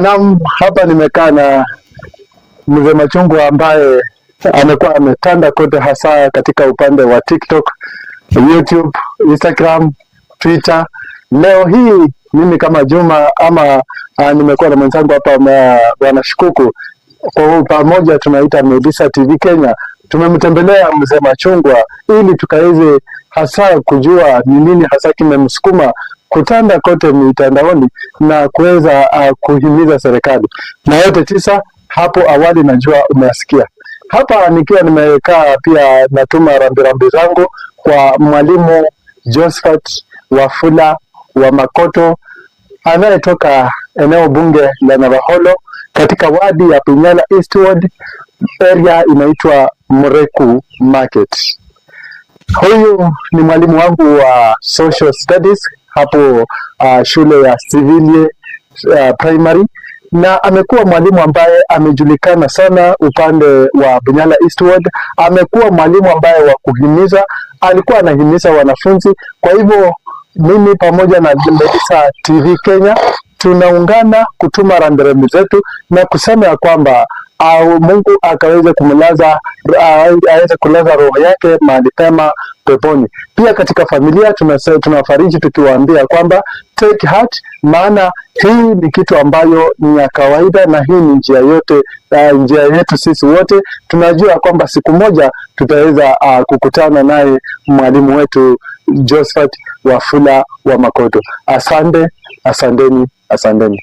Naam, hapa nimekaa na mzee Machungwa ambaye amekuwa ametanda kote, hasa katika upande wa TikTok, YouTube, Instagram, Twitter. Leo hii mimi kama Juma ama ah, nimekuwa na mwenzangu hapa Bwana Shukuku, kwa pamoja tunaita Melisa TV Kenya. Tumemtembelea mzee Machungwa ili tukaweze hasa kujua ni nini hasa kimemsukuma kutanda kote mitandaoni na kuweza uh, kuhimiza serikali na yote tisa hapo awali, najua umeasikia hapa nikiwa nimekaa pia, natuma rambirambi zangu kwa mwalimu Josephat Wafula wa Makoto anayetoka eneo bunge la Navaholo katika wadi ya Pinyala Eastward, area inaitwa Mreku Market. Huyu ni mwalimu wangu wa social studies hapo uh, shule ya Sivilie uh, primary na amekuwa mwalimu ambaye amejulikana sana upande wa Bunyala Eastward. Amekuwa mwalimu ambaye wa kuhimiza, alikuwa anahimiza wanafunzi. Kwa hivyo mimi pamoja na Melissa TV Kenya tunaungana kutuma randeremi zetu na kusema ya kwamba au ah, Mungu akaweze kumlaza ah, aweze kulaza roho yake mahali pema peponi. Pia katika familia tunafariji tukiwaambia kwamba take heart, maana hii ni kitu ambayo ni ya kawaida na hii ni njia yote uh, njia yetu sisi wote tunajua kwamba siku moja tutaweza uh, kukutana naye mwalimu wetu Josephat Wafula wa Makoto. Asante, asanteni, asanteni.